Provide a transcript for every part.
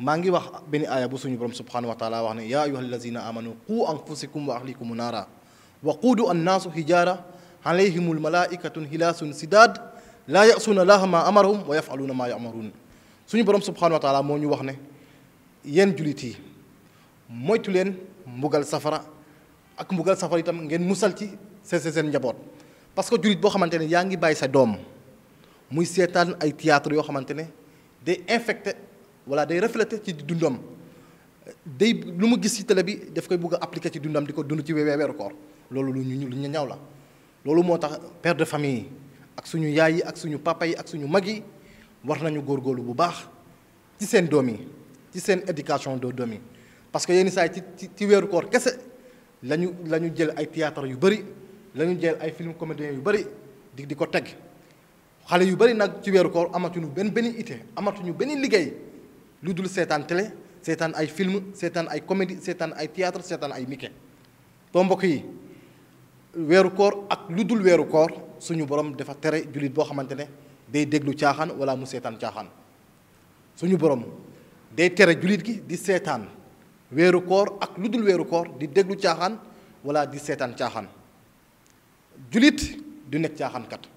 mangi wax benn aya bu suñu borom subhanahu wa taala wax ne ya ayyuhal ladhina amanu qu anfusikum wa ahlikum nara wa an-nasu hijara alayhimul malaikatu hilasun sidad la yasuuna laaha ma amarahum wa yaf'aluna ma ya'murun suñu borom subhanahu wa taala mo ñu wax ne yeen julit yi moytu len mbugal safara ak mbugal safara itam ngeen musal ci seen njabot parce que jullit bo xamantene ne yaa ngi bàyyi sa dom muy setan ay théâtre yo xamantene ne day infecté wala day reflété ci dundom day lu mu gis ci télé bi daf koy bëgg appliquer ci dundam diko ko dund ci weeru koor loolu lu ñu ñu ñaw la loolu motax tax père de famille suñu yaay ak suñu papa ak suñu mag war nañu góorgóorlu bu baax ci éducation de doom parce que yenn saa ci ci kese lañu la jël théâtre yu jël film comédien yu bëri di di ko teg yu bëri nag ci weeru koor amatuñu benn benn amatuñu lu télé ay film ay comédie ay théâtre ay suñu borom dafa téré julit bo xamantene day déglu tiaxan wala mu sétan tiaxan suñu borom day téré julit gi di sétan wéru koor ak ludul dul koor di déglu tiaxan wala di sétan tiaxan julit du tiaxan konak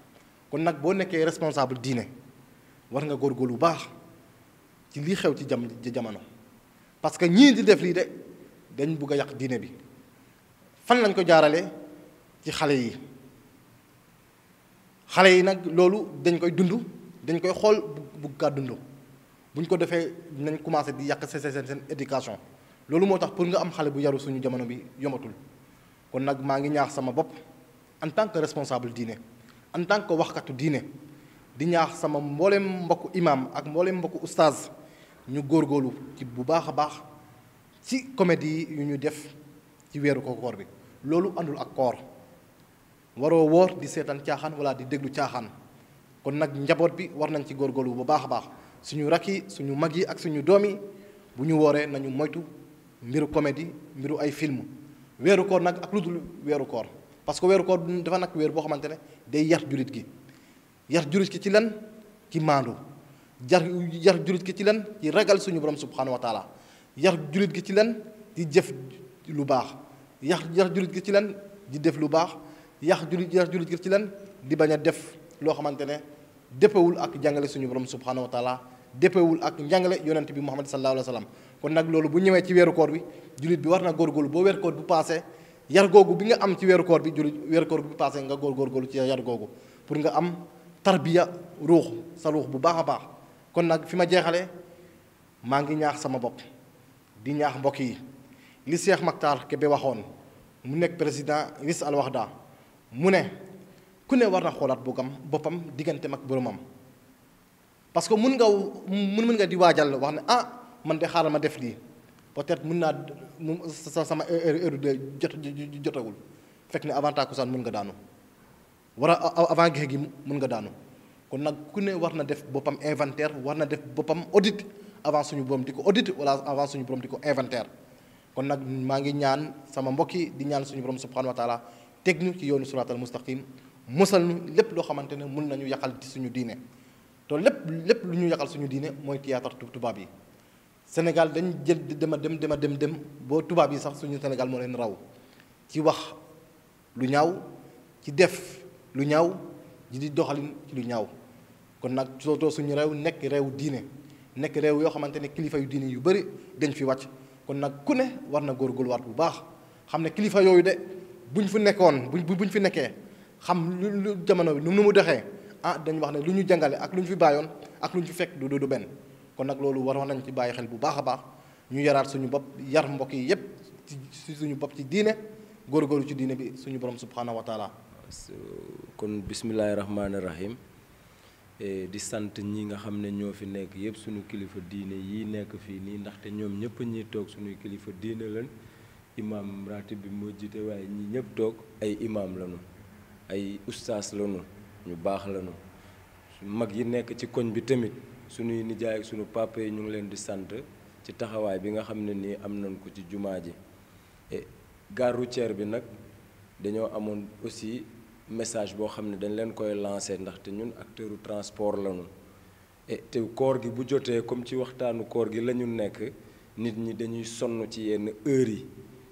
kon nak bo nekké responsable diiné war nga góorgóorlu bu baax ci li xew ci jam ci jamono parce que ñi di def li de dañ bëgg yaq diiné bi fan lañ ko jarale, ci xalé yi xale yi nag loolu dañ koy dund dañ koy xool bu kaa dund bu ko defee nañ commencé di yàq seen seen éducation loolu moo tax pour nga am xale bu yaru suñu jamono bi yomatul kon nag maa ngi ñaax sama bopp en tant que responsable diine en tant que waxkatu diine di ñaax sama mbooleem mbokku imaam ak mbooleem mbokk oustaz ñu góorgóorlu ci bu baax a baax ci comédie yu ñu def ci weeru ko koor bi loolu àndul ak koor waro wor di setan tiaxan wala di deglu tiaxan kon nak njabot bi war nañ ci gorgolu bu baax baax suñu rak suñu magi ak suñu domi buñu woré nañu moytu mbiru comedy mbiru ay film wéru koor nag ak luddul dul weeru koor parce que wéru koor dafa nag weer bo xamantene day yar jurit gi yar jurit ki ci lan ki mandu jar yar jurit ki ci lan ci ragal suñu borom subhanahu wa taala yar jurit gi ci lan di jëf lu baax yar yar jurit gi ci lan di def lu baax yàq julit yar julit gi ci lan di bañ def loo xamante ne déppewul ak jàngale suñu borom subhanahu wa taala déppewul ak njàngale yonent bi muhammad sallallahu alayhi wa sallam kon nag loolu bu ñëwee ci weeru koor bi julit bi war na góorgóorlu boo koor bu passé yar googu bi nga am ci weeru koor bi julit weeru koor bu passé nga góorgóorlu ci yar googu pour nga am tarbiya ruux sa ruux bu baax a baax kon nag fi ma ngi ñaax sama bopp di ñaax mbokk yi li cheikh maktar kebe waxoon mu nekk président ris al waxda mu ne ku ne war na xoolaat boogam boppam digganteem ak boromam parce que mun nga mun mun nga di waajal wax ne ah man de xaaral ma def lii peut-être mun naa sama heure de jot jotagul fekk ne avant tàkkusaan mun nga daanu wara avant gexe gi mun nga daanu kon nag ku ne war def boppam inventaire war na def boppam audit avant suñu borom di ko audit wala avant suñu borom di ko inventaire kon nag maa ngi ñaan sama mbokki di ñaan suñu borom subhanahu wa taala teg ñu ci yoonu siraatal mustaqim mosal ñu lépp loo xamante ne mun nañu yàqal suñu diine te lépp lépp lu ñu yàqal suñu diine mooy théâtre tubaab yi Sénégal dañ jël dama dem dama dem dem boo tubaab yi sax suñu Sénégal moo leen raw ci wax lu ñaaw ci def lu ñaaw ji di doxalin ci lu ñaaw kon nag surtout suñu réew nekk réew diine nekk reew yoo xamante ne kilifa yu diine yu bëri dañ fi wàcc kon nag ku ne war na góorgóorluwaat bu baax xam ne kilifa yooyu de bu ñu fi nekkoon bu buñ fi nekkee xam lu jamono bi nu mu doxee ah dañ wax ne lu ñu jàngale ak lu ñu fi bàyyoon ak lu ñu fi fekk du du benn kon nag loolu waroon nañ ci bàyyi xel bu baax a baax ñu yaraat suñu bopp yar mbokk yi yépp ci suñu bopp ci diine góoru ci diine bi suñu borom subhaanahu wa taala kon bismillaahi rahmaani rahim e, di sant ñi nga xam ne ñoo fi nekk yépp suñu kilifa diine yi nekk fii nii ndaxte ñoom ñépp ñuy toog suñuy kilifa diine lañ imam ratib bi moo jiite waaye ñii ñëpp toog ay imaam lañu ay ustaas lanu ñu baax lañu mag yi nekk ci koñ bi tamit suñuy nijaay suñu papa yi ñu ngi leen di sant ci taxawaay bi nga xam ne nii am nañ ko ci jumaa ji et gare bi nag dañoo amoon aussi message boo xam ne dañ leen koy lancer ndaxte ñun acteur transport lañu e te koor gi bu jotee comme ci waxtaanu koor gi la ñu nekk nit ñi dañuy sonn ci yenn heures yi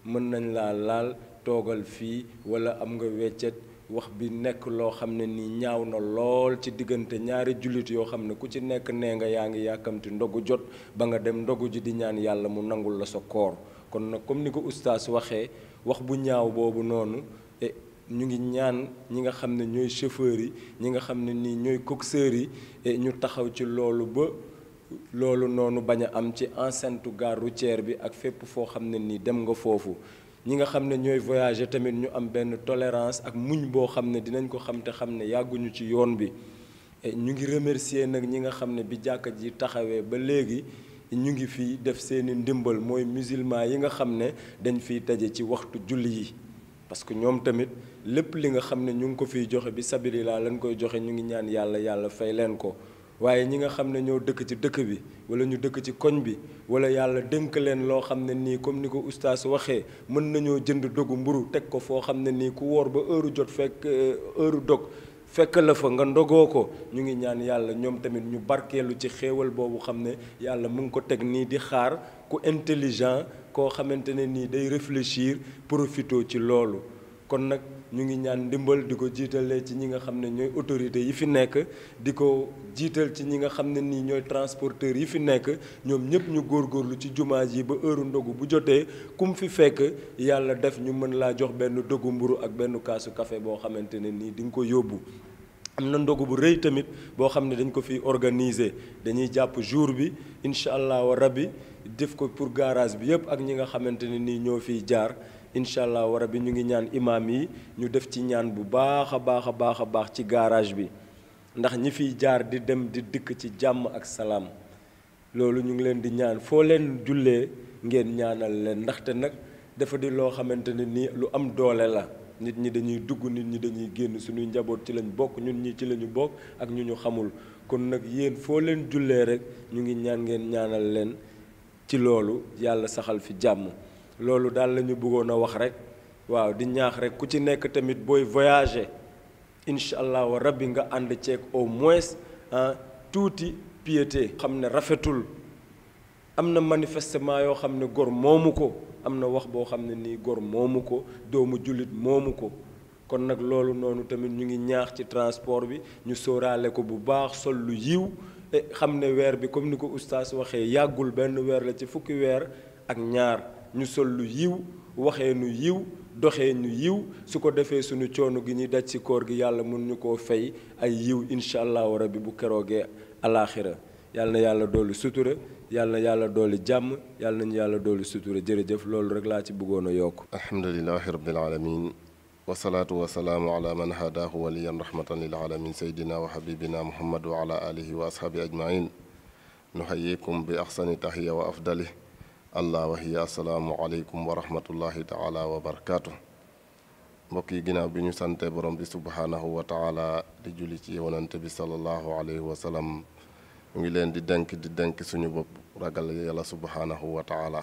mën nañ laa laal toogal fii wala am nga weccet wax bi nekk loo xam ne nii ñaaw na lool ci diggante ñaari jullit yoo xam ne ku ci nekk nee nga yaa ngi yàkkamti ndogu jot ba nga dem ndogu ji di ñaan yàlla mu nangul la sa koor kon nag comme ni ko ustaas waxee wax bu ñaaw boobu noonu e, ñu ngi ñaan ñi nga xam ne ñooy chauffeurs yi ñi nga xam ne nii ñooy coxeurs yi e, ñu taxaw ci loolu ba loolu noonu bañ a am ci enceinte gare routière bi ak fépp foo xam ne nii dem nga foofu ñi nga xam ne ñooy voyager tamit ñu am benn tolerance ak muñ boo xam ne dinañ ko xam xam ne yàgguñu ci yoon bi ñu ngi remercier nag ñi nga xam ne bi jàkka ji taxawee ba léegi ñu ngi fi def seeni ndimbal mooy musulman yi nga xam ne dañ fiy taje ci waxtu julli yi parce que ñoom tamit lépp li nga xam ne ñu ngi ko fiy joxe bi sabili laa lañ koy joxe ñu ngi ñaan yàlla yàlla fay leen ko waaye ñi nga xam ne ñoo dëkk ci dëkk bi wala ñu dëkk ci koñ bi wala yàlla dénk leen loo xam ne nii comme ni ko oustaz waxee mën nañoo jënd dogu mburu teg ko foo xam ne nii ku woor ba heure jot fekk euh, heure dog fekk la fa nga ndogoo ko ñu ngi ñaan yàlla ñoom tamit ñu barkeelu ci xeewal boobu xam ne yàlla mu ngi ko teg nii di xaar ku intelligent koo xamante ne nii day réfléchir profito ci loolu kon nag ñu ngi ñaan ndimbal di ko jiitale ci ñi nga xam ne ñooy autorités yi fi nekk di ko jiital ci ñi nga xam ne nii ñooy transporteurs yi fi nekk ñoom ñëpp ñu góor góorgóorlu ci jumaa yi ba heure ndogu bu jotee kum fi fekk yàlla def ñu mën laa jox benn dogu mburu ak benn kaasu kafe boo xamante ne nii di nga ko yóbbu am na ndogu bu rëy tamit boo xam ne dañ ko fi organiser dañuy jàpp jour bi incha allah wa rabbi def ko pour garage bi yëpp ak ñi nga xamante ne nii ñoo fiy jaar incha allah wara bi ñu ngi ñaan imaam yi ñu def ci ñaan bu baax a baax a baax a baax ci garage bi ndax ñi fiy jaar di dem di dikk ci jàmm ak salaam loolu ñu ngi leen di ñaan foo leen jullee ngeen ñaanal leen ndaxte nag dafa di loo xamante ne nii lu am doole la nit ñi dañuy dugg nit ñi dañuy génn suñuy njaboot ci lañ bokk ñun ñi ci lañu bokk ak ñu ñu xamul kon nag yéen foo leen jullee rek ñu ngi ñaan ngeen ñaanal leen ci loolu yàlla saxal fi jàmm loolu daal lañu ñu bëggoon a wax rek waaw di ñaax rek ku ci nekk tamit booy voyager incha allahu rabbi nga ànd ceeg au moins ah tuuti piété. xam ne rafetul am na manifestement yoo xam ne gor moomu ko am na wax boo xam ne nii gor moomu ko doomu jullit moomu ko kon nag loolu noonu tamit ñu ngi ñaax ci transport bi ñu sóoraale ko bu baax sol lu yiw eh, xam ne weer bi comme ni ko oustaz waxee yàggul benn weer la ci fukki weer ak ñaar. ñu sol lu yiw waxee nu yiw doxee ñu yiw su ko defee suñu coono gi ñuy daj ci koor gi yàlla mun ñu koo fay ay yiw incha allahu rabbi bu keroogee alaaxira yàlla na yàlla doolu sutura yàlla na yàlla doolu jàmm yàlla nañu yàlla doolu sutura jërëjëf loolu rek laa ci bëggoon a yokk alhamdulilahi rabbil alamin wasalaatu wasalaamu ala man hadaahu waliyan rahmatan lil alamin saydina wa habibina muhammad wa ala alihi wa ashaabi ajmain nuhayikum bi axsani tahiya wa allah waxiy asalaamualeykum wa rahmatullahi taala wa barakaatu mbokk yi ginnaaw bi ñu sante borom bi subhaanahu wa taala di julli ci wa sallam mu ngi leen di denk di denk suñu bopp ragal yàlla subhaanahu wa taala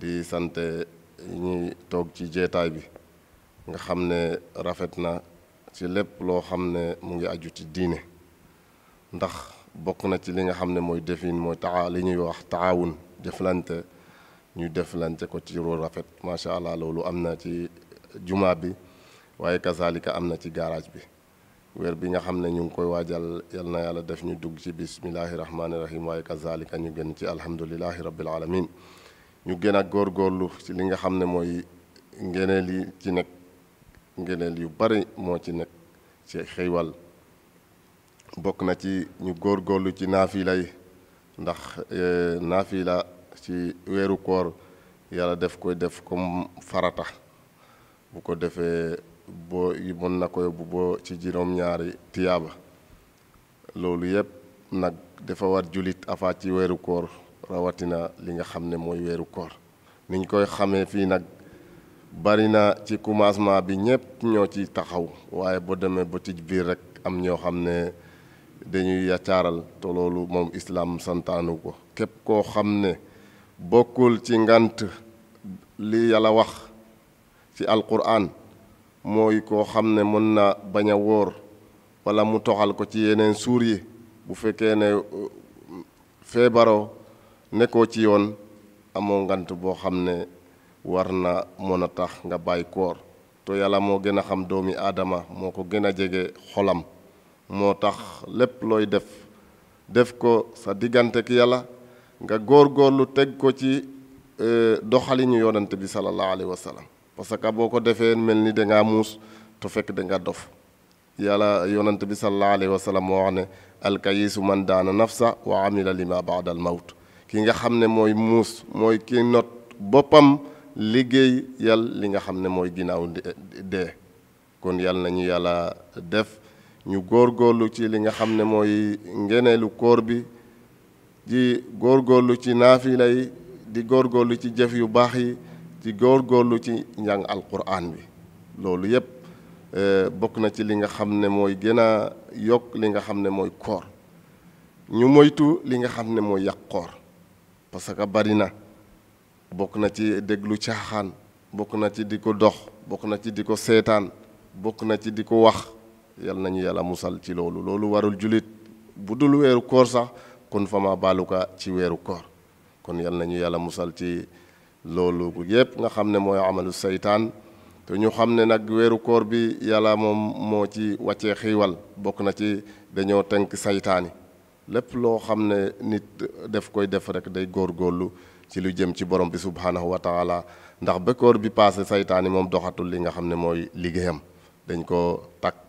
di sante ñuy toog ci jeetaay bi nga xam ne rafet na ci lépp loo xam ne mu ngi aju ci diine ndax bokk na ci li nga xam ne mooy defin mooy taa li ñuy wax taawun deflante ñu deflante ko ci ru rafet macha allah lolu amna ci juma bi waye kazalika amna ci garage bi wër bi nga xamne ñu koy wajal yal na yàlla def ñu dug ci bismillahir rahmanir rahim waye kazalika ñu gën ci alhamdulilahi rabbil alamin ñu gën gor gorlu ci li nga xamne moy ngeneel yi ci nekk ngeneel yu bari mo ci nekk ci xeywal bok na ci ñu gorlu ci naafila yi ndax nafila ci weeru koor yàlla def koy def comme farata bu ko defee boo mën na ko bu boo ci juróom-ñaari tiyaaba loolu yépp nag dafa war jullit afaat ci weeru koor rawatina li nga xam ne mooy weeru koor niñ koy xamee fii nag bari na ci commencement bi ñépp ñoo ci taxaw waaye boo demee ba ci biir rek am ñoo xam ne dañuy yacaaral te loolu moom islaam santaanu ko képp koo xam ne bokkul ci ngant li yàlla wax ci alquran mooy koo xam ne mën na bañ a wóor walla mu toxal ko ci yeneen suur yi bu fekkee ne uh, feebaroo nekkoo ci yoon amoo ngant boo xam ne war na mën a tax nga bàyyi koor te yàlla moo gën a xam doomi aadama moo ko gën a jege xolam moo tax lépp looy def def ko sa diggante ki yàlla nga góorgóorlu teg ko ci e, doxalinu yonante bi sallallahu alayhi wa sallam parce que boo ko defee mel ni da ngaa muus te fekk da nga dof yàlla yonante bi sallallahu alayhi wa sallam moo wax ne alkayisu man daana nafsa wa amila lima baada al mawt ki nga xam ne mooy muus mooy ki not boppam liggéey yàlla li nga xam ne mooy ginnaaw dee kon yàlla nañu yàlla def ñu góorgóorlu ci li nga xam ne mooy ngeneelu koor bi di góorlu ci naafila yi di góor góorgóorlu ci jëf yu baax yi di góorlu ci njàng alquran bi loolu yépp eh, bokk na ci li nga xam ne mooy gën a yokk li nga xam ne mooy koor ñu moytu li nga xam ne mooy yàq koor parce que bari na bokk na ci déglu caaxaan bokk na ci di ko dox bokk na ci di ko seetaan bokk na ci di ko wax yal nañu yàlla musal ci loolu loolu warul jullit bu dul weeru koor sax kun fama baluka ci weeru koor kon yal nañu yàlla musal ci loolu yépp nga xam ne mooy amalu saytaan te ñu xam ne nag weeru koor bi yàlla moom moo ci wàccee xiiwal bokk na ci dañoo tënk saytaani lépp loo xam ne nit def koy def rek day góorgóorlu ci lu jëm ci borom bi subhanahu wa taala ndax ba koor bi paase saytaani moom doxatul li nga xam ne mooy liggéeyam dañ ko takk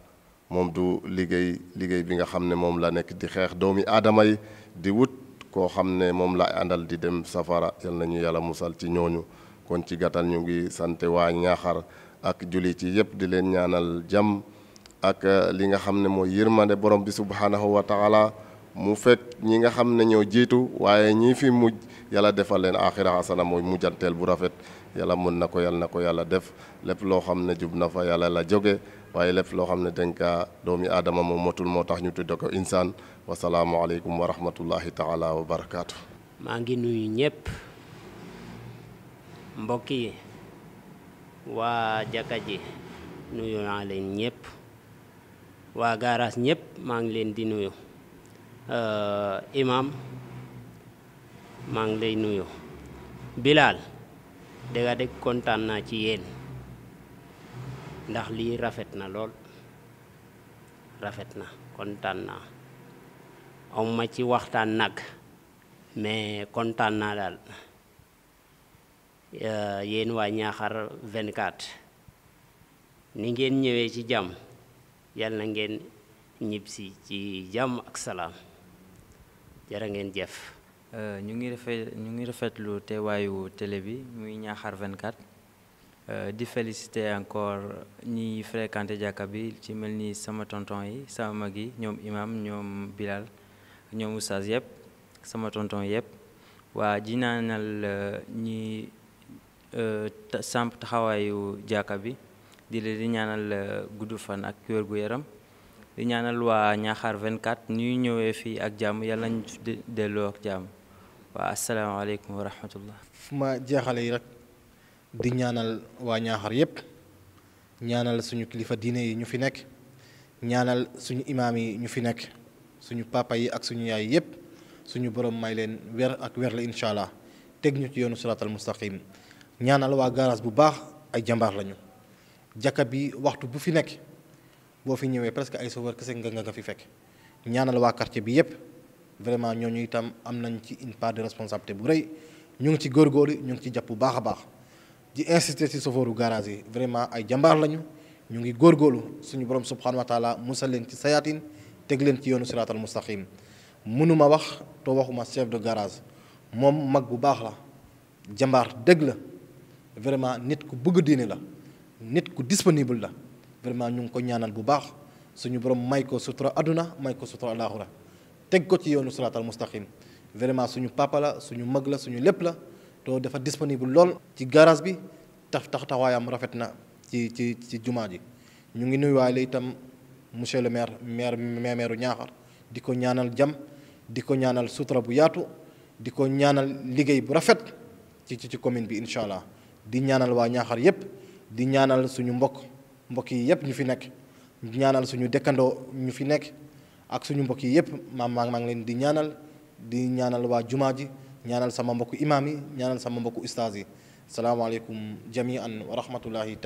moom du liggéey liggéey bi nga xam ne moom la nekk di xeex doomi aadama yi di wut koo xam ne moom la àndal di dem safara yal nañu yàlla musal ci ñooñu kon ci gàttal ñu ngi sant waa ñaaxar ak jullit yi yépp di leen ñaanal jam ak euh, li nga xam ne mooy yërmande borom bi subhaanahu wa taala mu fekk ñi nga xam ne ñoo jiitu waaye ñii fi mujj yàlla defal leen axira xasana mooy mujjanteel bu rafet yàlla mën na ko yàlla na ko yàlla def lépp loo xam ne jub na fa yàlla la jóge waye lepp lo xamne dañ ka doomi adama mo motul motax ñu tudde ko insaan wa salaamu alaykum wa rahmatullahi taala wa barakatuh ma ngi nuyu ñepp mbokk yi waa jàkka ji nuyu na leen ñepp wa gaaraas ñepp ma ngi leen di nuyu euh imam ma ngi lay nuyu bilal dega de contane na ci yene ndax lii rafet na lool rafet na kontaan naa aw ma ci waxtaan nag mais kontaan naa daal yéen waa Niakhar 24 ni ngeen ñëwee ci jàmm yàlla na ngeen ñibbisi ci jàmm ak salaam jërë ngeen jef euh, ñu ngi rafet ñu ngi rafetlu teewaayu télé bi muy Niakhar 24. Euh, di encore ñi fréquenté jàkka bi ci melni ni sama tonton yi sama magi ñom imam ñom Bilal ñom oustaz yeb sama tonton yeb wa ji naanal euh, ñi euh, samp taxawaayu jàkka bi di le di ñaanal guddu fan ak wér gu yaram di ñaanal wa Niakhar 24 ñuy ñëwé fi ak jamm yalla ñu délo ak wa waa asalaamaaleykum wa rahmatullah ma jeexale rek. di ñaanal wa ñaaxar yépp ñaanal suñu kilifa diine yi ñu fi nekk ñaanal suñu imaam yi ñu fi nekk suñu papa yi ak suñu yaay yépp suñu borom may leen wer ak wer la incha allah teg ñu ci yoonu siratal mustaqim ñaanal waa garage bu baax ay jambaar lañu jaka bi waxtu bu fi nekk boo fi ñëwee presque ay sauveur kese nga nga fi fekk ñaanal waa quartier bi yépp vraiment ñooñu itam am nañ ci une part de responsabilité bu rëy ñu ngi ci góorgóorlu ñu ngi ci jàpp bu baax a baax di insister ci sofooru garage yi vraiment ay jàmbaar lañu ñu ngi góor góorgóorlu suñu borom subhanahu wa taala musal leen ci sayaatin teg leen ci yoonu siraatal mustaqim mënuma wax te waxuma chef de garage moom mag bu baax la jambaar dëgg la vraiment nit ku bëgg diine la nit ku disponible la vraiment ñu ngi ko ñaanal bu baax suñu borom may ko sutura àdduna may ko sutura alaaxira teg ko ci yoonu siraatal mustaqim vraiment suñu papa la suñu mag la suñu lépp la to dafa disponible lool ci garage bi tax tax taxawaayam rafet na ci ci ci jumaa ji ñu ngi nuyuwaale itam monsieur le maire maire meemeeru Ñaaxar di ko ñaanal jàmm di ko ñaanal sutura bu yaatu di ko ñaanal liggéey bu rafet ci ci commune bi incha allah di ñaanal waa Ñaaxar yépp di ñaanal suñu mbokk mbokk yi yépp ñu fi nekk ñaanal suñu dëkkandoo ñu fi nekk ak suñu mbokk yi yépp maam maa ngi leen di ñaanal di ñaanal waa jumaa ji ñaanal sama mbokku imaam yi ñaanal sama mbokku ustaas yi salaamaaleykum jamian wa rahmatullahi